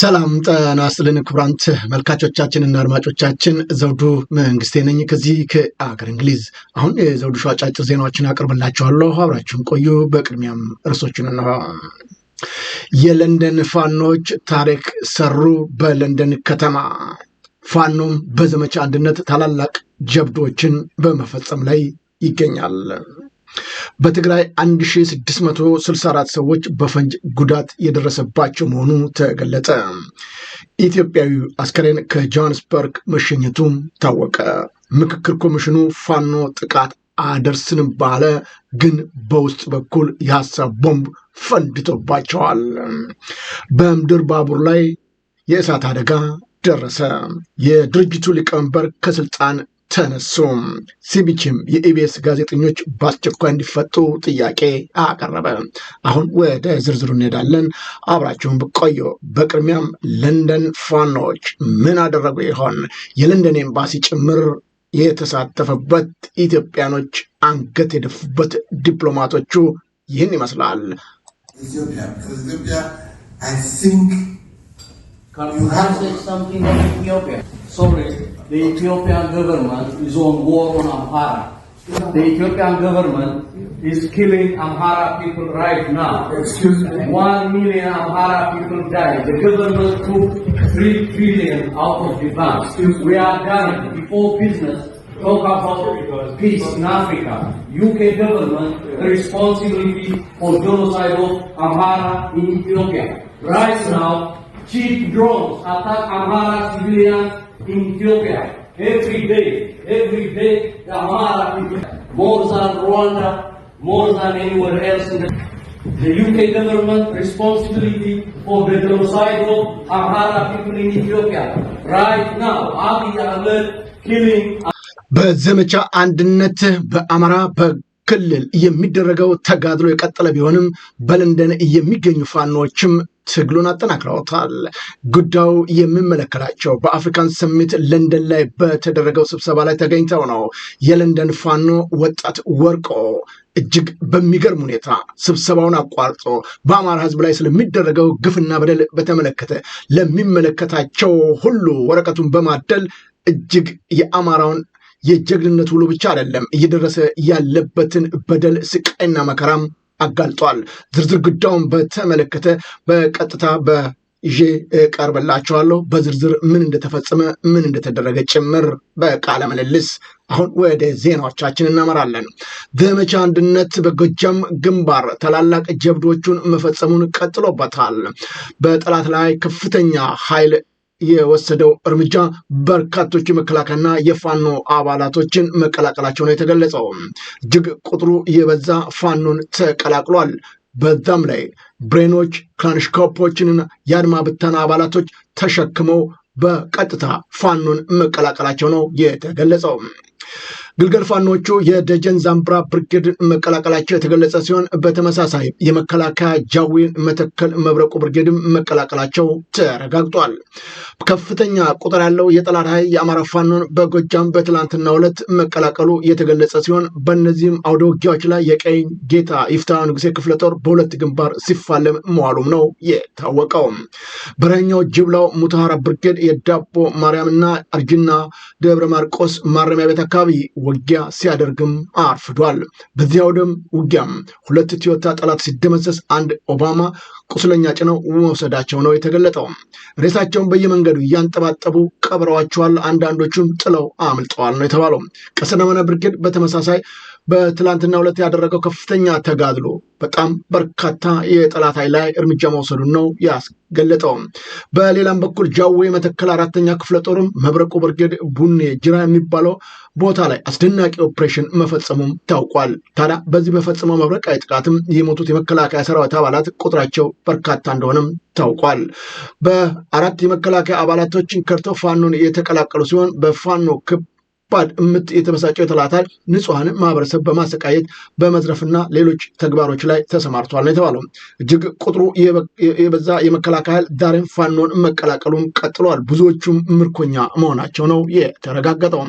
ሰላም ጠና ስልን ክቡራን ተመልካቾቻችንና አድማጮቻችን ዘውዱ መንግስቴ ነኝ ከዚህ ከአገር እንግሊዝ። አሁን የዘውዱ ሾው አጫጭር ዜናዎችን አቀርብላችኋለሁ፣ አብራችሁን ቆዩ። በቅድሚያም ርዕሶቹን እነሆ። የለንደን ፋኖች ታሪክ ሰሩ። በለንደን ከተማ ፋኖም በዘመቻ አንድነት ታላላቅ ጀብዶችን በመፈጸም ላይ ይገኛል። በትግራይ 1664 ሰዎች በፈንጅ ጉዳት የደረሰባቸው መሆኑ ተገለጸ። ኢትዮጵያዊ አስከሬን ከጆሃንስበርግ መሸኘቱም ታወቀ። ምክክር ኮሚሽኑ ፋኖ ጥቃት አደርስንም ባለ ግን በውስጥ በኩል የሀሳብ ቦምብ ፈንድቶባቸዋል። በምድር ባቡር ላይ የእሳት አደጋ ደረሰ። የድርጅቱ ሊቀመንበር ከስልጣን ተነሱ። ሲቢችም የኢቢኤስ ጋዜጠኞች በአስቸኳይ እንዲፈቱ ጥያቄ አቀረበ። አሁን ወደ ዝርዝሩ እንሄዳለን፣ አብራችሁን ብቆዩ። በቅድሚያም ለንደን ፋኖች ምን አደረጉ ይሆን? የለንደን ኤምባሲ ጭምር የተሳተፈበት ኢትዮጵያኖች አንገት የደፉበት ዲፕሎማቶቹ ይህን ይመስላል። the Ethiopian government is on war on Amhara. The Ethiopian government is killing Amhara people right now. Excuse me. One million Amhara people died. The government took three trillion out of the bank. We are done before business. Talk about peace in Africa. UK government responsibility for genocide of Amhara in Ethiopia. Right now, cheap drones attack Amhara civilians in Ethiopia. Every day, every day, the Amara people, more than Rwanda, more than anywhere else in the the UK government responsibility for the genocide of Amara people in Ethiopia. Right now, Abiy Ahmed killing. በዘመቻ አንድነት በአማራ ክልል የሚደረገው ተጋድሎ የቀጠለ ቢሆንም በለንደን የሚገኙ ፋኖችም ትግሉን አጠናክረውታል። ጉዳዩ የሚመለከታቸው በአፍሪካን ስሜት ለንደን ላይ በተደረገው ስብሰባ ላይ ተገኝተው ነው። የለንደን ፋኖ ወጣት ወርቆ እጅግ በሚገርም ሁኔታ ስብሰባውን አቋርጦ በአማራ ሕዝብ ላይ ስለሚደረገው ግፍና በደል በተመለከተ ለሚመለከታቸው ሁሉ ወረቀቱን በማደል እጅግ የአማራውን የጀግንነት ውሎ ብቻ አይደለም እየደረሰ ያለበትን በደል ስቃይና መከራም አጋልጧል። ዝርዝር ጉዳዩን በተመለከተ በቀጥታ በ ይዤ ቀርበላችኋለሁ። በዝርዝር ምን እንደተፈጸመ ምን እንደተደረገ ጭምር በቃለ ምልልስ። አሁን ወደ ዜናዎቻችን እናመራለን። ዘመቻ አንድነት በጎጃም ግንባር ታላላቅ ጀብዶቹን መፈጸሙን ቀጥሎበታል። በጠላት ላይ ከፍተኛ ኃይል የወሰደው እርምጃ በርካቶች መከላከያና የፋኖ አባላቶችን መቀላቀላቸው ነው የተገለጸው። እጅግ ቁጥሩ የበዛ ፋኖን ተቀላቅሏል። በዛም ላይ ብሬኖች፣ ክላንሽኮፖችንና የአድማ ብተና አባላቶች ተሸክመው በቀጥታ ፋኖን መቀላቀላቸው ነው የተገለጸው። ግልገል ፋኖቹ የደጀን ዛምብራ ብርጌድ መቀላቀላቸው የተገለጸ ሲሆን በተመሳሳይ የመከላከያ ጃዊን መተከል መብረቁ ብርጌድም መቀላቀላቸው ተረጋግጧል። ከፍተኛ ቁጥር ያለው የጠላት ኃይል የአማራ ፋኖን በጎጃም በትላንትና ዕለት መቀላቀሉ የተገለጸ ሲሆን በእነዚህም አውደ ውጊያዎች ላይ የቀኝ ጌታ ይፍታ ንጉሴ ክፍለ ጦር በሁለት ግንባር ሲፋለም መዋሉም ነው የታወቀው። በረኛው ጅብላው ሙታሃራ ብርጌድ የዳቦ ማርያምና አርጅና ደብረ ማርቆስ ማረሚያ ቤት አካባቢ ውጊያ ሲያደርግም አርፍዷል። በዚያ ወደም ውጊያም ሁለት ቶዮታ ጠላት ሲደመሰስ አንድ ኦባማ ቁስለኛ ጭነው መውሰዳቸው ነው የተገለጠው። ሬሳቸውን በየመንገዱ እያንጠባጠቡ ቀብረዋቸዋል። አንዳንዶቹን ጥለው አምልጠዋል ነው የተባለው። ቀስተ ደመና ብርጌድ በተመሳሳይ በትላንትና ሁለት ያደረገው ከፍተኛ ተጋድሎ በጣም በርካታ የጠላት ኃይል ላይ እርምጃ መውሰዱን ነው ያስገለጠው። በሌላም በኩል ጃዌ መተከል አራተኛ ክፍለ ጦርም መብረቁ ብርጌድ ቡኔ ጅራ የሚባለው ቦታ ላይ አስደናቂ ኦፕሬሽን መፈጸሙም ታውቋል። ታዲያ በዚህ በፈጸመው መብረቃዊ ጥቃትም የሞቱት የመከላከያ ሰራዊት አባላት ቁጥራቸው በርካታ እንደሆነም ታውቋል። በአራት የመከላከያ አባላቶችን ከርተው ፋኖን የተቀላቀሉ ሲሆን በፋኖ ክብ ከባድ ምት የተበሳጨው ተላታል ንጹሐን ማህበረሰብ በማሰቃየት በመዝረፍና ሌሎች ተግባሮች ላይ ተሰማርቷል ነው የተባለው። እጅግ ቁጥሩ የበዛ የመከላከያ ኃይል ዛሬም ፋኖን መቀላቀሉን ቀጥሏል። ብዙዎቹም ምርኮኛ መሆናቸው ነው የተረጋገጠው።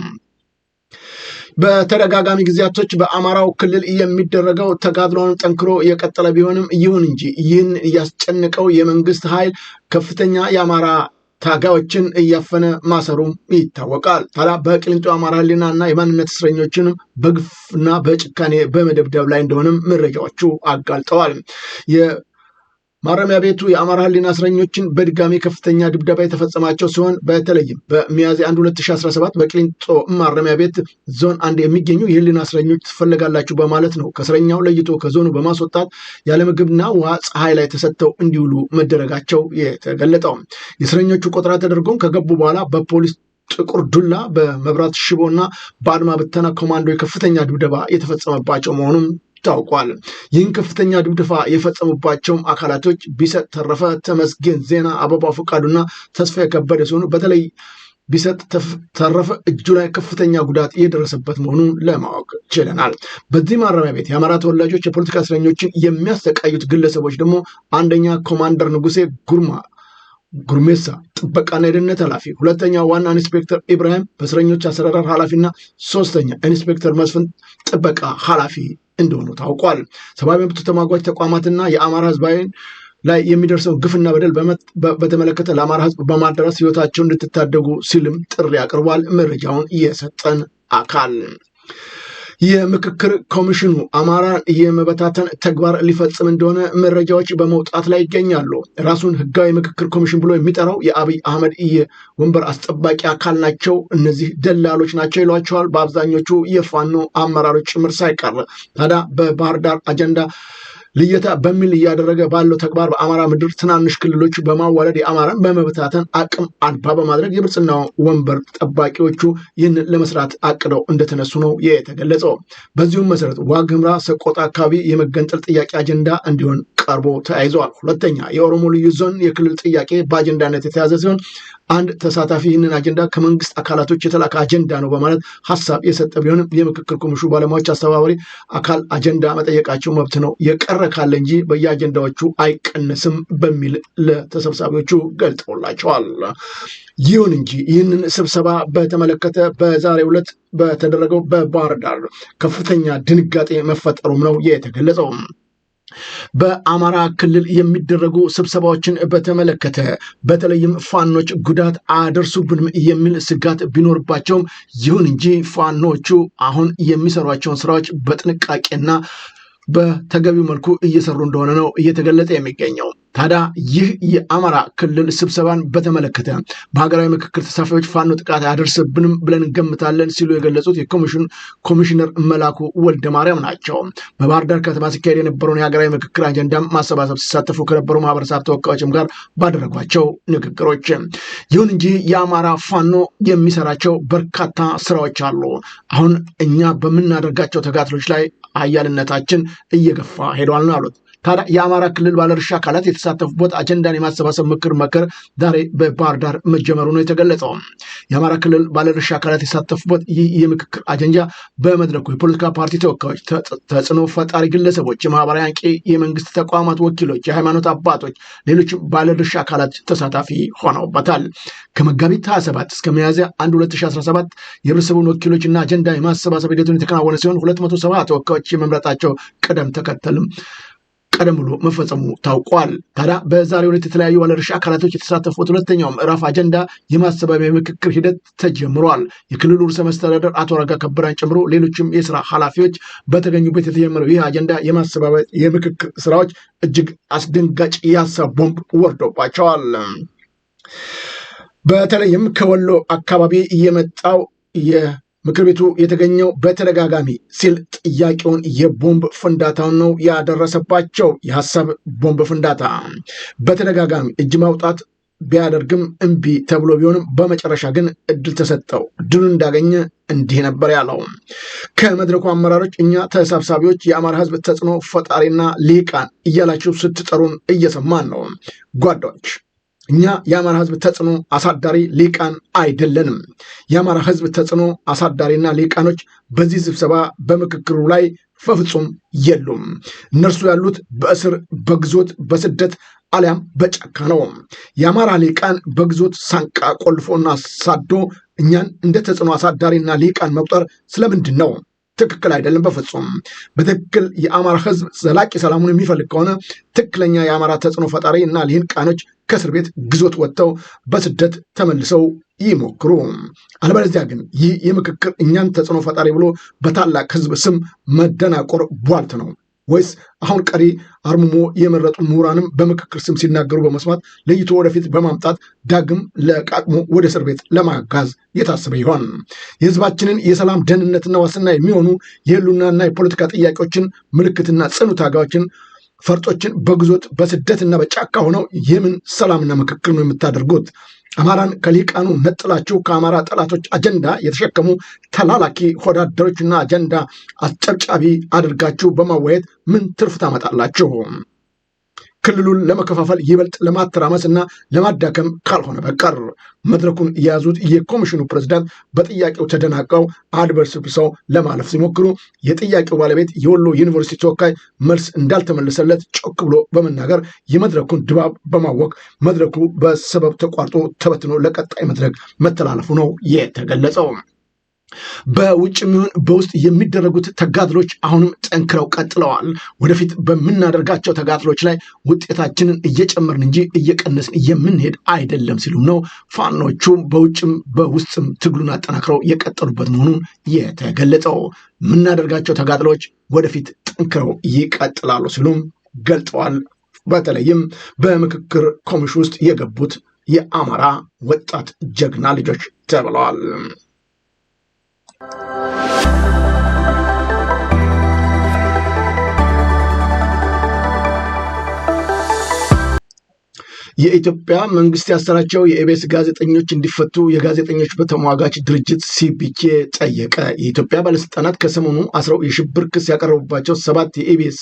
በተደጋጋሚ ጊዜያቶች በአማራው ክልል የሚደረገው ተጋድሎን ጠንክሮ የቀጠለ ቢሆንም ይሁን እንጂ ይህን ያስጨንቀው የመንግስት ኃይል ከፍተኛ የአማራ ታጋዮችን እያፈነ ማሰሩም ይታወቃል። ታላ በቅሊንጦ አማራ ህሊናና የማንነት እስረኞችን በግፍና በጭካኔ በመደብደብ ላይ እንደሆነም መረጃዎቹ አጋልጠዋል። ማረሚያ ቤቱ የአማራ ህሊና እስረኞችን በድጋሚ ከፍተኛ ድብደባ የተፈጸማቸው ሲሆን በተለይም በሚያዝያ 1 2017 በቅሊንጦ ማረሚያ ቤት ዞን አንድ የሚገኙ የህሊና እስረኞች ትፈለጋላችሁ በማለት ነው ከእስረኛው ለይቶ ከዞኑ በማስወጣት ያለምግብና ውሃ ፀሐይ ላይ ተሰጥተው እንዲውሉ መደረጋቸው የተገለጠው የእስረኞቹ ቆጠራ ተደርጎም ከገቡ በኋላ በፖሊስ ጥቁር ዱላ በመብራት ሽቦና በአድማ ብተና ኮማንዶ የከፍተኛ ድብደባ የተፈጸመባቸው መሆኑም ታውቋል። ይህን ከፍተኛ ድብደፋ የፈጸሙባቸውም አካላቶች ቢሰጥ ተረፈ፣ ተመስገን ዜና፣ አበባ ፈቃዱና ተስፋ የከበደ ሲሆኑ በተለይ ቢሰጥ ተረፈ እጁ ላይ ከፍተኛ ጉዳት እየደረሰበት መሆኑን ለማወቅ ችለናል። በዚህ ማረሚያ ቤት የአማራ ተወላጆች የፖለቲካ እስረኞችን የሚያሰቃዩት ግለሰቦች ደግሞ አንደኛ ኮማንደር ንጉሴ ጉርማ ጉርሜሳ ጥበቃና የደህንነት ኃላፊ፣ ሁለተኛ ዋና ኢንስፔክተር ኢብራሂም በእስረኞች አሰራር ኃላፊና ሶስተኛ ኢንስፔክተር መስፍን ጥበቃ ኃላፊ እንደሆኑ ታውቋል። ሰብአዊ መብት ተሟጋች ተቋማትና የአማራ ህዝባዊን ላይ የሚደርሰው ግፍና በደል በተመለከተ ለአማራ ህዝብ በማደራስ ህይወታቸውን እንድትታደጉ ሲልም ጥሪ አቅርቧል። መረጃውን የሰጠን አካል የምክክር ኮሚሽኑ አማራን የመበታተን ተግባር ሊፈጽም እንደሆነ መረጃዎች በመውጣት ላይ ይገኛሉ። ራሱን ህጋዊ ምክክር ኮሚሽን ብሎ የሚጠራው የአብይ አህመድ የወንበር አስጠባቂ አካል ናቸው እነዚህ ደላሎች ናቸው ይሏቸዋል፣ በአብዛኞቹ የፋኖ አመራሮች ጭምር ሳይቀር። ታዲያ በባህር ዳር አጀንዳ ልየታ በሚል እያደረገ ባለው ተግባር በአማራ ምድር ትናንሽ ክልሎች በማዋለድ የአማራን በመበታተን አቅም አልባ በማድረግ የብልጽግና ወንበር ጠባቂዎቹ ይህን ለመስራት አቅደው እንደተነሱ ነው የተገለጸው። በዚሁም መሰረት ዋግምራ ሰቆጣ አካባቢ የመገንጠል ጥያቄ አጀንዳ እንዲሆን ቀርቦ ተያይዘዋል። ሁለተኛ የኦሮሞ ልዩ ዞን የክልል ጥያቄ በአጀንዳነት የተያዘ ሲሆን አንድ ተሳታፊ ይህንን አጀንዳ ከመንግስት አካላቶች የተላከ አጀንዳ ነው በማለት ሀሳብ የሰጠ ቢሆንም የምክክር ኮሚሽኑ ባለሙያዎች አስተባባሪ አካል አጀንዳ መጠየቃቸው መብት ነው የቀረ ካለ እንጂ በየአጀንዳዎቹ አይቀንስም በሚል ለተሰብሳቢዎቹ ገልጠውላቸዋል። ይሁን እንጂ ይህንን ስብሰባ በተመለከተ በዛሬ ዕለት በተደረገው በባህር ዳር ከፍተኛ ድንጋጤ መፈጠሩም ነው የተገለጸው። በአማራ ክልል የሚደረጉ ስብሰባዎችን በተመለከተ በተለይም ፋኖች ጉዳት አያደርሱብንም የሚል ስጋት ቢኖርባቸውም ይሁን እንጂ ፋኖቹ አሁን የሚሰሯቸውን ስራዎች በጥንቃቄና በተገቢው መልኩ እየሰሩ እንደሆነ ነው እየተገለጸ የሚገኘው። ታዲያ ይህ የአማራ ክልል ስብሰባን በተመለከተ በሀገራዊ ምክክር ተሳታፊዎች ፋኖ ጥቃት አያደርስብንም ብለን እንገምታለን ሲሉ የገለጹት የኮሚሽን ኮሚሽነር መላኩ ወልደ ማርያም ናቸው። በባህር ዳር ከተማ ሲካሄድ የነበረውን የሀገራዊ ምክክር አጀንዳም ማሰባሰብ ሲሳተፉ ከነበሩ ማህበረሰብ ተወካዮችም ጋር ባደረጓቸው ንግግሮች ይሁን እንጂ የአማራ ፋኖ የሚሰራቸው በርካታ ስራዎች አሉ። አሁን እኛ በምናደርጋቸው ተጋትሎች ላይ አያልነታችን እየገፋ ሄዷል ነው አሉት። የአማራ ክልል ባለድርሻ አካላት የተሳተፉበት አጀንዳን የማሰባሰብ ምክር መከር ዛሬ በባህር ዳር መጀመሩ ነው የተገለጸው። የአማራ ክልል ባለድርሻ አካላት የተሳተፉበት ይህ የምክክር አጀንዳ በመድረኩ የፖለቲካ ፓርቲ ተወካዮች፣ ተጽዕኖ ፈጣሪ ግለሰቦች፣ የማህበራዊ አንቂ የመንግስት ተቋማት ወኪሎች፣ የሃይማኖት አባቶች፣ ሌሎችም ባለድርሻ አካላት ተሳታፊ ሆነውበታል። ከመጋቢት 27 እስከ ሚያዝያ 1 2017 የህብረተሰቡን ወኪሎችና አጀንዳ የማሰባሰብ ሂደቱን የተከናወነ ሲሆን 270 ተወካዮች የመምረጣቸው ቅደም ተከተልም ቀደም ብሎ መፈጸሙ ታውቋል። ታዲያ በዛሬው ዕለት የተለያዩ ባለድርሻ አካላቶች የተሳተፉት ሁለተኛው ምዕራፍ አጀንዳ የማሰባቢያ ምክክር ሂደት ተጀምሯል። የክልሉ ርዕሰ መስተዳደር አቶ አረጋ ከበዳን ጨምሮ ሌሎችም የስራ ኃላፊዎች በተገኙበት የተጀመረው ይህ አጀንዳ የማሰባቢያ የምክክር ስራዎች እጅግ አስደንጋጭ የሀሳብ ቦምብ ወርዶባቸዋል። በተለይም ከወሎ አካባቢ የመጣው ምክር ቤቱ የተገኘው በተደጋጋሚ ሲል ጥያቄውን የቦምብ ፍንዳታውን ነው ያደረሰባቸው። የሀሳብ ቦምብ ፍንዳታ በተደጋጋሚ እጅ ማውጣት ቢያደርግም እምቢ ተብሎ ቢሆንም በመጨረሻ ግን እድል ተሰጠው። እድሉን እንዳገኘ እንዲህ ነበር ያለው። ከመድረኩ አመራሮች እኛ ተሰብሳቢዎች የአማራ ሕዝብ ተጽዕኖ ፈጣሪና ሊቃን እያላችሁ ስትጠሩን እየሰማን ነው ጓዶች እኛ የአማራ ህዝብ ተጽዕኖ አሳዳሪ ሊቃን አይደለንም። የአማራ ህዝብ ተጽዕኖ አሳዳሪና ሊቃኖች በዚህ ስብሰባ በምክክሩ ላይ በፍጹም የሉም። እነርሱ ያሉት በእስር በግዞት በስደት አሊያም በጫካ ነው። የአማራ ሊቃን በግዞት ሳንቃ ቆልፎና ሳዶ እኛን እንደ ተጽዕኖ አሳዳሪና ሊቃን መቁጠር ስለምንድን ነው? ትክክል አይደለም። በፍጹም በትክክል የአማራ ህዝብ ዘላቂ ሰላሙን የሚፈልግ ከሆነ ትክክለኛ የአማራ ተጽዕኖ ፈጣሪ እና ሊህን ቃኖች ከእስር ቤት ግዞት ወጥተው በስደት ተመልሰው ይሞክሩ። አለበለዚያ ግን ይህ የምክክር እኛን ተጽዕኖ ፈጣሪ ብሎ በታላቅ ህዝብ ስም መደናቆር ቧልት ነው ወይስ አሁን ቀሪ አርምሞ የመረጡ ምሁራንም በምክክር ስም ሲናገሩ በመስማት ለይቶ ወደፊት በማምጣት ዳግም ለቃቅሞ ወደ እስር ቤት ለማጋዝ የታሰበ ይሆን? የህዝባችንን የሰላም ደህንነትና ዋስትና የሚሆኑ የህሉናና የፖለቲካ ጥያቄዎችን ምልክትና ጽኑ ታጋዮችን ፈርጦችን በግዞት በስደትና በጫካ ሆነው የምን ሰላምና ምክክር ነው የምታደርጉት? አማራን ከሊቃኑ ነጥላችሁ ከአማራ ጠላቶች አጀንዳ የተሸከሙ ተላላኪ ሆዳደሮችና አጀንዳ አስጨብጫቢ አድርጋችሁ በማዋየት ምን ትርፍ ታመጣላችሁ? ክልሉን ለመከፋፈል ይበልጥ ለማተራመስ እና ለማዳከም ካልሆነ በቀር መድረኩን የያዙት የኮሚሽኑ ፕሬዝዳንት በጥያቄው ተደናቀው አድበስብሰው ለማለፍ ሲሞክሩ የጥያቄው ባለቤት የወሎ ዩኒቨርሲቲ ተወካይ መልስ እንዳልተመለሰለት ጮክ ብሎ በመናገር የመድረኩን ድባብ በማወቅ መድረኩ በሰበብ ተቋርጦ ተበትኖ ለቀጣይ መድረክ መተላለፉ ነው የተገለጸው። በውጭ የሚሆን በውስጥ የሚደረጉት ተጋድሎች አሁንም ጠንክረው ቀጥለዋል። ወደፊት በምናደርጋቸው ተጋድሎች ላይ ውጤታችንን እየጨመርን እንጂ እየቀነስን የምንሄድ አይደለም ሲሉም ነው ፋኖቹ በውጭም በውስጥም ትግሉን አጠናክረው የቀጠሉበት መሆኑን የተገለጸው የምናደርጋቸው ተጋድሎች ወደፊት ጠንክረው ይቀጥላሉ ሲሉም ገልጠዋል። በተለይም በምክክር ኮሚሽን ውስጥ የገቡት የአማራ ወጣት ጀግና ልጆች ተብለዋል። Thank you. የኢትዮጵያ መንግስት ያሰራቸው የኤቤስ ጋዜጠኞች እንዲፈቱ የጋዜጠኞች በተሟጋች ድርጅት ሲፒጄ ጠየቀ። የኢትዮጵያ ባለስልጣናት ከሰሞኑ አስረው የሽብር ክስ ያቀረቡባቸው ሰባት የኤቤስ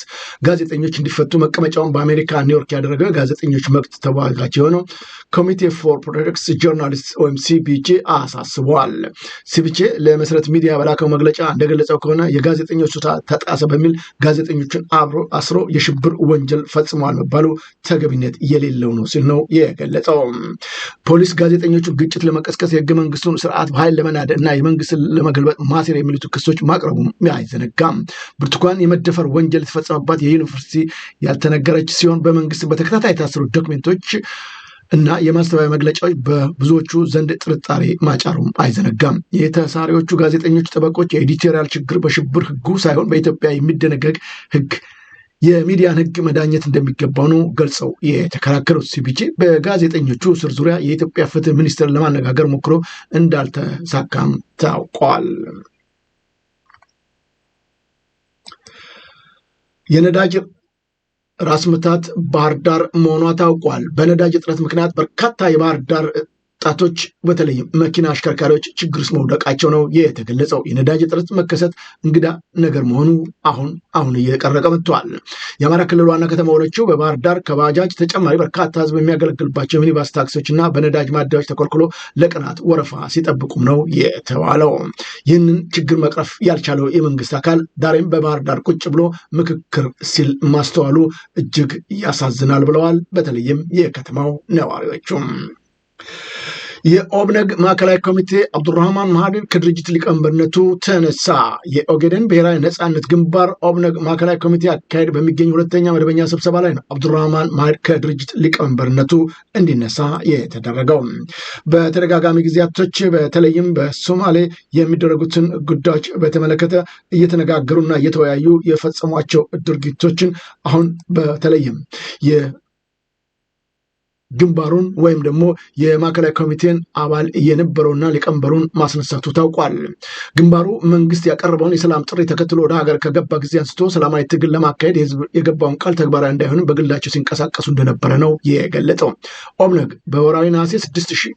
ጋዜጠኞች እንዲፈቱ መቀመጫውን በአሜሪካ ኒውዮርክ ያደረገ ጋዜጠኞች መብት ተሟጋች የሆነው ኮሚቴ ፎር ፕሮቴክትስ ጆርናሊስት ወይም ሲፒጄ አሳስበዋል። ሲፒጄ ለመሰረት ሚዲያ በላከው መግለጫ እንደገለጸው ከሆነ የጋዜጠኞች ታ ተጣሰ በሚል ጋዜጠኞችን አብሮ አስሮ የሽብር ወንጀል ፈጽመዋል መባሉ ተገቢነት የሌለው ነው ሲል ነው የገለጸው። ፖሊስ ጋዜጠኞቹ ግጭት ለመቀስቀስ የህገ መንግስቱን ስርዓት በኃይል ለመናደ እና የመንግስት ለመገልበጥ ማሴር የሚሉት ክሶች ማቅረቡ አይዘነጋም። ብርቱካን የመደፈር ወንጀል የተፈጸመባት የዩኒቨርሲቲ ያልተነገረች ሲሆን በመንግስት በተከታታይ የታሰሩ ዶክሜንቶች እና የማስተባበያ መግለጫዎች በብዙዎቹ ዘንድ ጥርጣሬ ማጫሩም አይዘነጋም። የተሳሪዎቹ ጋዜጠኞች ጠበቆች የኤዲቶሪያል ችግር በሽብር ህጉ ሳይሆን በኢትዮጵያ የሚደነገግ ህግ የሚዲያን ህግ መዳኘት እንደሚገባው ነው ገልጸው የተከራከሩት። ሲፒጄ በጋዜጠኞቹ እስር ዙሪያ የኢትዮጵያ ፍትህ ሚኒስትር ለማነጋገር ሞክሮ እንዳልተሳካም ታውቋል። የነዳጅ ራስ ምታት ባህር ዳር መሆኗ ታውቋል። በነዳጅ እጥረት ምክንያት በርካታ የባህር ዳር ወጣቶች በተለይም መኪና አሽከርካሪዎች ችግር ውስጥ መውደቃቸው ነው የተገለጸው። የነዳጅ እጥረት መከሰት እንግዳ ነገር መሆኑ አሁን አሁን እየቀረቀ መጥተዋል። የአማራ ክልል ዋና ከተማ ሆነችው በባህር ዳር ከባጃጅ ተጨማሪ በርካታ ህዝብ የሚያገለግልባቸው ሚኒባስ ታክሲዎች እና በነዳጅ ማደያዎች ተኮልክሎ ለቀናት ወረፋ ሲጠብቁም ነው የተባለው። ይህንን ችግር መቅረፍ ያልቻለው የመንግስት አካል ዛሬም በባህር ዳር ቁጭ ብሎ ምክክር ሲል ማስተዋሉ እጅግ ያሳዝናል ብለዋል። በተለይም የከተማው ነዋሪዎቹም የኦብነግ ማዕከላዊ ኮሚቴ አብዱራህማን ማሀዲር ከድርጅት ሊቀመንበርነቱ ተነሳ። የኦጌደን ብሔራዊ ነፃነት ግንባር ኦብነግ ማዕከላዊ ኮሚቴ አካሄድ በሚገኝ ሁለተኛ መደበኛ ስብሰባ ላይ ነው አብዱራህማን ማሀዲር ከድርጅት ሊቀመንበርነቱ እንዲነሳ የተደረገው። በተደጋጋሚ ጊዜያቶች በተለይም በሶማሌ የሚደረጉትን ጉዳዮች በተመለከተ እየተነጋገሩና እየተወያዩ የፈጸሟቸው ድርጊቶችን አሁን በተለይም ግንባሩን ወይም ደግሞ የማዕከላዊ ኮሚቴን አባል የነበረውና ሊቀመንበሩን ማስነሳቱ ታውቋል። ግንባሩ መንግስት ያቀረበውን የሰላም ጥሪ ተከትሎ ወደ ሀገር ከገባ ጊዜ አንስቶ ሰላማዊ ትግል ለማካሄድ የህዝብ የገባውን ቃል ተግባራዊ እንዳይሆንም በግላቸው ሲንቀሳቀሱ እንደነበረ ነው የገለጠው። ኦብነግ በወራዊ ነሐሴ 6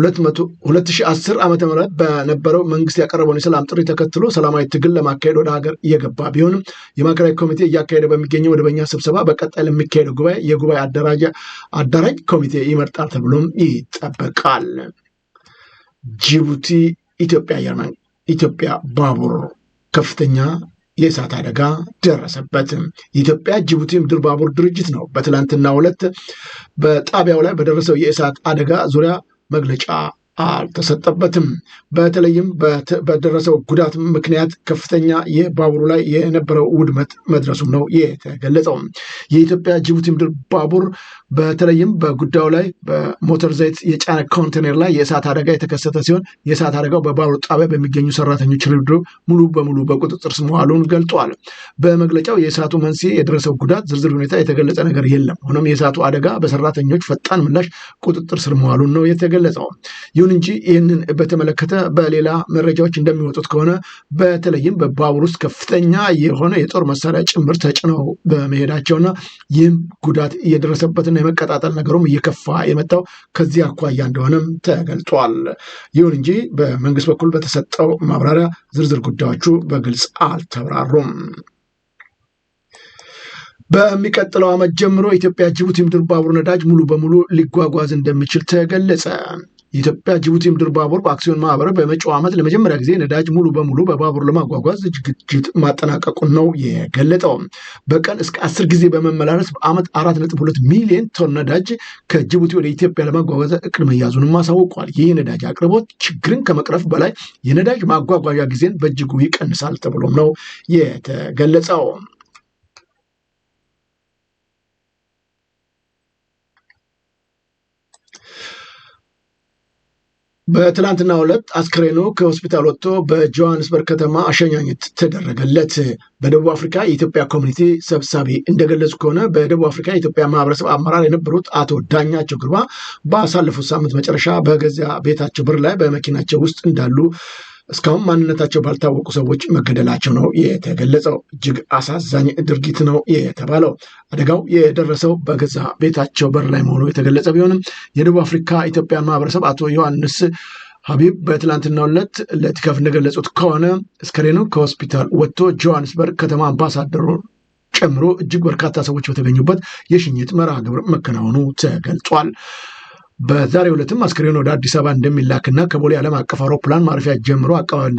2010 ዓ ም በነበረው መንግስት ያቀረበውን የሰላም ጥሪ ተከትሎ ሰላማዊ ትግል ለማካሄድ ወደ ሀገር እየገባ ቢሆንም የማዕከላዊ ኮሚቴ እያካሄደ በሚገኘው መደበኛ ስብሰባ በቀጣይ ለሚካሄደው ጉባኤ የጉባኤ አዳራጅ ኮሚቴ ይመርጣል ተብሎም ይጠበቃል። ጅቡቲ ኢትዮጵያ አየር መንገድ ኢትዮጵያ ባቡር ከፍተኛ የእሳት አደጋ ደረሰበት። የኢትዮጵያ ጅቡቲ ምድር ባቡር ድርጅት ነው በትላንትና ሁለት በጣቢያው ላይ በደረሰው የእሳት አደጋ ዙሪያ መግለጫ አልተሰጠበትም። በተለይም በደረሰው ጉዳት ምክንያት ከፍተኛ የባቡሩ ላይ የነበረው ውድመት መድረሱም ነው የተገለጸው። የኢትዮጵያ ጅቡቲ ምድር ባቡር በተለይም በጉዳዩ ላይ በሞተር ዘይት የጫነ ኮንቴነር ላይ የእሳት አደጋ የተከሰተ ሲሆን የእሳት አደጋው በባቡር ጣቢያ በሚገኙ ሰራተኞች ርብርብ ሙሉ በሙሉ በቁጥጥር ስር መዋሉን ገልጠዋል። በመግለጫው የእሳቱ መንስኤ፣ የደረሰው ጉዳት ዝርዝር ሁኔታ የተገለጸ ነገር የለም። ሆኖም የእሳቱ አደጋ በሰራተኞች ፈጣን ምላሽ ቁጥጥር ስር መዋሉን ነው የተገለጸው። ይሁን እንጂ ይህንን በተመለከተ በሌላ መረጃዎች እንደሚወጡት ከሆነ በተለይም በባቡር ውስጥ ከፍተኛ የሆነ የጦር መሳሪያ ጭምር ተጭነው በመሄዳቸውና ይህም ጉዳት እየደረሰበት ነው የመቀጣጠል ነገሩም እየከፋ የመጣው ከዚህ አኳያ እንደሆነም ተገልጿል። ይሁን እንጂ በመንግስት በኩል በተሰጠው ማብራሪያ ዝርዝር ጉዳዮቹ በግልጽ አልተብራሩም። በሚቀጥለው ዓመት ጀምሮ ኢትዮጵያ ጅቡቲ ምድር ባቡር ነዳጅ ሙሉ በሙሉ ሊጓጓዝ እንደሚችል ተገለጸ። የኢትዮጵያ ጅቡቲ ምድር ባቡር አክሲዮን ማህበር በመጪው ዓመት ለመጀመሪያ ጊዜ ነዳጅ ሙሉ በሙሉ በባቡር ለማጓጓዝ ዝግጅት ማጠናቀቁን ነው የገለጠው። በቀን እስከ አስር ጊዜ በመመላለስ በዓመት አራት ነጥብ ሁለት ሚሊዮን ቶን ነዳጅ ከጅቡቲ ወደ ኢትዮጵያ ለማጓጓዝ እቅድ መያዙንም አሳውቋል። ይህ የነዳጅ አቅርቦት ችግርን ከመቅረፍ በላይ የነዳጅ ማጓጓዣ ጊዜን በእጅጉ ይቀንሳል ተብሎም ነው የተገለጸው። በትላንትና ዕለት አስክሬኑ ከሆስፒታል ወጥቶ በጆሃንስበርግ ከተማ አሸኛኘት ተደረገለት። በደቡብ አፍሪካ የኢትዮጵያ ኮሚኒቲ ሰብሳቢ እንደገለጹ ከሆነ በደቡብ አፍሪካ የኢትዮጵያ ማህበረሰብ አመራር የነበሩት አቶ ዳኛቸው ግርማ ባሳለፉት ሳምንት መጨረሻ በገዛ ቤታቸው በር ላይ በመኪናቸው ውስጥ እንዳሉ እስካሁን ማንነታቸው ባልታወቁ ሰዎች መገደላቸው ነው የተገለጸው። እጅግ አሳዛኝ ድርጊት ነው የተባለው። አደጋው የደረሰው በገዛ ቤታቸው በር ላይ መሆኑ የተገለጸ ቢሆንም የደቡብ አፍሪካ ኢትዮጵያን ማህበረሰብ አቶ ዮሐንስ ሀቢብ በትላንትናው ዕለት እንደገለጹት ከሆነ አስከሬኑ ከሆስፒታል ወጥቶ ጆሃንስበርግ ከተማ አምባሳደሩ ጨምሮ እጅግ በርካታ ሰዎች በተገኙበት የሽኝት መርሃ ግብር መከናወኑ ተገልጿል። በዛሬው ዕለትም አስክሬን ወደ አዲስ አበባ እንደሚላክና ከቦሌ ዓለም አቀፍ አውሮፕላን ማረፊያ ጀምሮ አቀባበል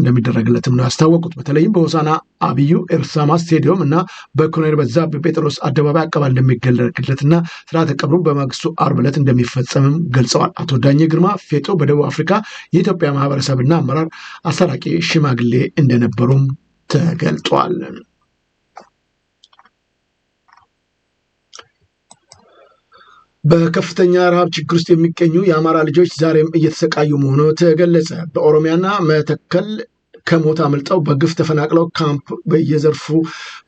እንደሚደረግለትም ነው ያስታወቁት። በተለይም በሆሳና አብዩ ኤርሳማ ስቴዲየም እና በኮሎኔል በዛብህ ጴጥሮስ አደባባይ አቀባበል እንደሚደረግለትና ስርዓተ ቀብሩ በማግስቱ አርብ ዕለት እንደሚፈጸምም ገልጸዋል። አቶ ዳኜ ግርማ ፌጦ በደቡብ አፍሪካ የኢትዮጵያ ማህበረሰብና አመራር አስታራቂ ሽማግሌ እንደነበሩም ተገልጧል። በከፍተኛ ረሃብ ችግር ውስጥ የሚገኙ የአማራ ልጆች ዛሬም እየተሰቃዩ መሆኑ ተገለጸ። በኦሮሚያና መተከል ከሞት አምልጠው በግፍ ተፈናቅለው ካምፕ በየዘርፉ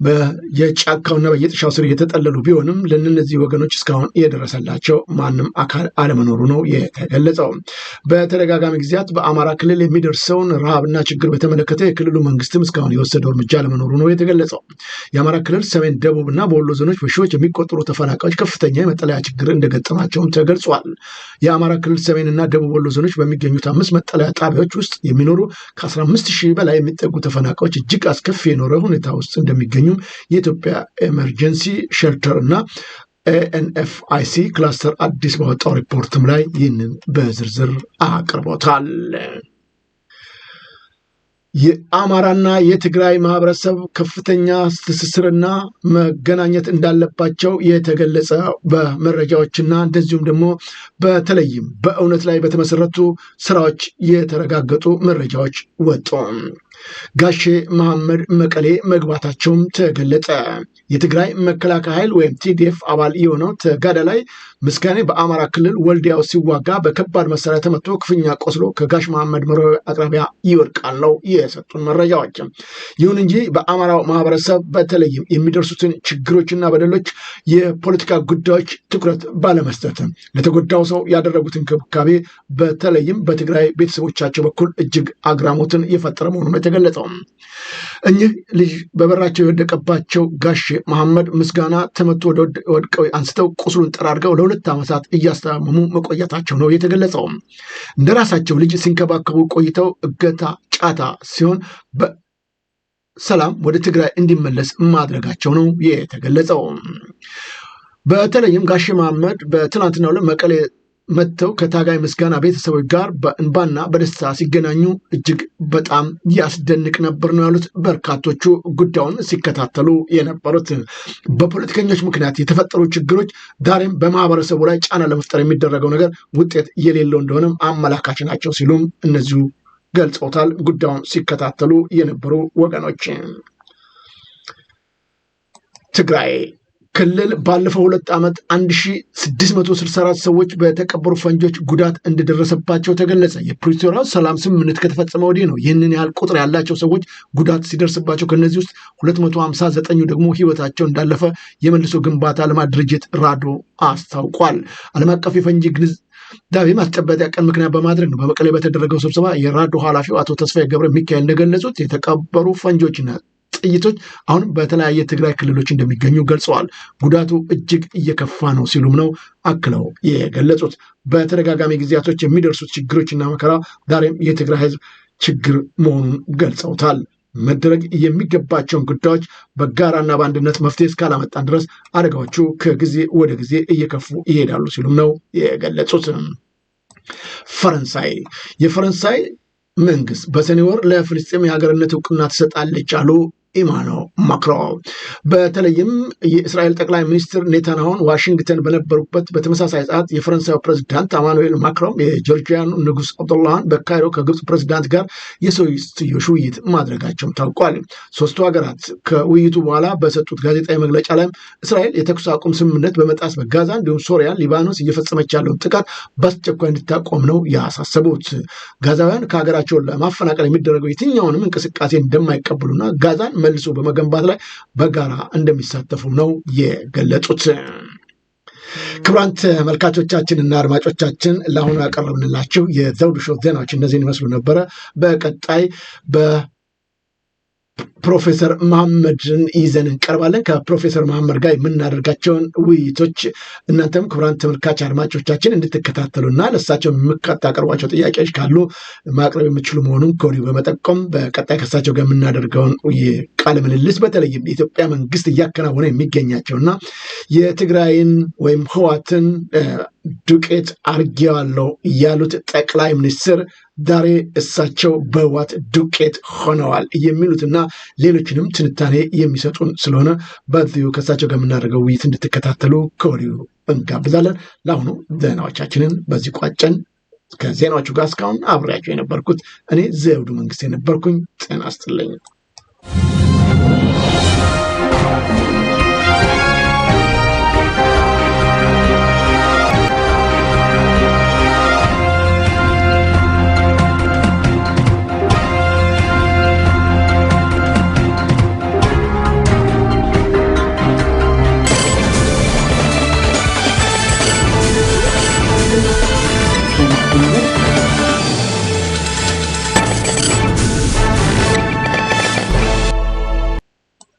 በየጫካውና በየጥሻው ስር እየተጠለሉ ቢሆንም ለእነዚህ ወገኖች እስካሁን የደረሰላቸው ማንም አካል አለመኖሩ ነው የተገለጸው። በተደጋጋሚ ጊዜያት በአማራ ክልል የሚደርሰውን ረሃብና ችግር በተመለከተ የክልሉ መንግስትም እስካሁን የወሰደው እርምጃ አለመኖሩ ነው የተገለጸው። የአማራ ክልል ሰሜን ደቡብ እና በወሎ ዞኖች በሺዎች የሚቆጠሩ ተፈናቃዮች ከፍተኛ የመጠለያ ችግር እንደገጠማቸውም ተገልጿል። የአማራ ክልል ሰሜንና ደቡብ ወሎ ዞኖች በሚገኙት አምስት መጠለያ ጣቢያዎች ውስጥ የሚኖሩ ከ15 ሺህ በላይ የሚጠጉ ተፈናቃዮች እጅግ አስከፊ የኖረ ሁኔታ ውስጥ እንደሚገኙም የኢትዮጵያ ኤመርጀንሲ ሸልተር እና ኤንኤፍአይሲ ክላስተር አዲስ ባወጣው ሪፖርትም ላይ ይህንን በዝርዝር አቅርቦታል። የአማራና የትግራይ ማህበረሰብ ከፍተኛ ትስስርና መገናኘት እንዳለባቸው የተገለጸ በመረጃዎችና እንደዚሁም ደግሞ በተለይም በእውነት ላይ በተመሰረቱ ስራዎች የተረጋገጡ መረጃዎች ወጡ። ጋሼ መሐመድ መቀሌ መግባታቸውም ተገለጸ። የትግራይ መከላከያ ኃይል ወይም ቲዲኤፍ አባል የሆነው ተጋዳላይ ምስጋኔ በአማራ ክልል ወልዲያው ሲዋጋ በከባድ መሳሪያ ተመቶ ክፉኛ ቆስሎ ከጋሽ መሐመድ መርሆ አቅራቢያ ይወድቃል ነው የሰጡን መረጃዎች። ይሁን እንጂ በአማራው ማህበረሰብ በተለይም የሚደርሱትን ችግሮችና በደሎች የፖለቲካ ጉዳዮች ትኩረት ባለመስጠት ለተጎዳው ሰው ያደረጉት እንክብካቤ በተለይም በትግራይ ቤተሰቦቻቸው በኩል እጅግ አግራሞትን የፈጠረ መሆኑ የተገለጸው። እኚህ ልጅ በበራቸው የወደቀባቸው ጋሼ መሐመድ ምስጋና ተመቶ ወድቀው አንስተው ቁስሉን ጠራርገው ለሁለት ዓመታት እያስታመሙ መቆየታቸው ነው የተገለጸው። እንደ ራሳቸው ልጅ ሲንከባከቡ ቆይተው እገታ ጫታ ሲሆን በሰላም ወደ ትግራይ እንዲመለስ ማድረጋቸው ነው የተገለጸው። በተለይም ጋሼ መሐመድ በትናንትናው ዕለት መቀሌ መጥተው ከታጋይ ምስጋና ቤተሰቦች ጋር በእንባና በደስታ ሲገናኙ እጅግ በጣም ያስደንቅ ነበር ነው ያሉት በርካቶቹ ጉዳዩን ሲከታተሉ የነበሩት። በፖለቲከኞች ምክንያት የተፈጠሩ ችግሮች ዛሬም በማህበረሰቡ ላይ ጫና ለመፍጠር የሚደረገው ነገር ውጤት የሌለው እንደሆነም አመላካች ናቸው ሲሉም እነዚሁ ገልጸውታል። ጉዳዩን ሲከታተሉ የነበሩ ወገኖች ትግራይ ክልል ባለፈው ሁለት ዓመት 1664 ሰዎች በተቀበሩ ፈንጆች ጉዳት እንደደረሰባቸው ተገለጸ። የፕሪቶሪያው ሰላም ስምምነት ከተፈጸመ ወዲህ ነው ይህንን ያህል ቁጥር ያላቸው ሰዎች ጉዳት ሲደርስባቸው፣ ከእነዚህ ውስጥ 259 ደግሞ ህይወታቸው እንዳለፈ የመልሶ ግንባታ ልማት ድርጅት ራዶ አስታውቋል። ዓለም አቀፍ የፈንጂ ግንዛቤ ማስጨበጫ ቀን ምክንያት በማድረግ ነው በመቀሌ በተደረገው ስብሰባ የራዶ ኃላፊው አቶ ተስፋዬ ገብረ ሚካኤል እንደገለጹት የተቀበሩ ፈንጆች ፈንጆችና ጥይቶች አሁን በተለያየ ትግራይ ክልሎች እንደሚገኙ ገልጸዋል። ጉዳቱ እጅግ እየከፋ ነው ሲሉም ነው አክለው የገለጹት። በተደጋጋሚ ጊዜያቶች የሚደርሱት ችግሮችና መከራ ዛሬም የትግራይ ህዝብ ችግር መሆኑን ገልጸውታል። መደረግ የሚገባቸውን ጉዳዮች በጋራና በአንድነት መፍትሄ እስካላመጣን ድረስ አደጋዎቹ ከጊዜ ወደ ጊዜ እየከፉ ይሄዳሉ ሲሉም ነው የገለጹት። ፈረንሳይ የፈረንሳይ መንግስት በሰኔ ወር ለፍልስጤም የሀገርነት እውቅና ትሰጣለች አሉ ኢማኖ ማክሮ በተለይም የእስራኤል ጠቅላይ ሚኒስትር ኔታንያሁን ዋሽንግተን በነበሩበት በተመሳሳይ ሰዓት የፈረንሳዩ ፕሬዚዳንት አማኑኤል ማክሮን የጆርጂያኑ ንጉስ አብዱላህን በካይሮ ከግብፅ ፕሬዚዳንት ጋር የሶስትዮሽ ውይይት ማድረጋቸውም ታውቋል። ሶስቱ ሀገራት ከውይይቱ በኋላ በሰጡት ጋዜጣዊ መግለጫ ላይ እስራኤል የተኩስ አቁም ስምምነት በመጣስ በጋዛ እንዲሁም ሶሪያ፣ ሊባኖስ እየፈጸመች ያለውን ጥቃት በአስቸኳይ እንድታቆም ነው ያሳሰቡት። ጋዛውያን ከሀገራቸውን ለማፈናቀል የሚደረገው የትኛውንም እንቅስቃሴ እንደማይቀበሉና ጋዛን መልሶ በመገንባት ላይ በጋራ እንደሚሳተፉ ነው የገለጹት። ክቡራን ተመልካቾቻችንና አድማጮቻችን ለአሁኑ ያቀረብንላቸው የዘውዱ ሾው ዜናዎች እነዚህን ይመስሉ ነበረ። በቀጣይ በ ፕሮፌሰር መሐመድን ይዘን እንቀርባለን። ከፕሮፌሰር መሐመድ ጋር የምናደርጋቸውን ውይይቶች እናንተም ክቡራን ተመልካች አድማጮቻችን እንድትከታተሉና ለእሳቸው የምታቀርቧቸው ጥያቄዎች ካሉ ማቅረብ የምችሉ መሆኑን ከወዲሁ በመጠቆም በቀጣይ ከእሳቸው ጋር የምናደርገውን ቃለ ምልልስ በተለይም የኢትዮጵያ መንግስት እያከናወነ የሚገኛቸውና የትግራይን ወይም ህዋትን ዱቄት አርጌዋለሁ ያሉት ጠቅላይ ሚኒስትር ዛሬ እሳቸው በህወሓት ዱቄት ሆነዋል የሚሉትና ሌሎችንም ትንታኔ የሚሰጡን ስለሆነ በዚሁ ከእሳቸው ጋር የምናደርገው ውይይት እንድትከታተሉ ከወዲሁ እንጋብዛለን። ለአሁኑ ዜናዎቻችንን በዚህ ቋጨን። ከዜናዎቹ ጋር እስካሁን አብሬያቸው የነበርኩት እኔ ዘውዱ መንግስት የነበርኩኝ። ጤና ይስጥልኝ።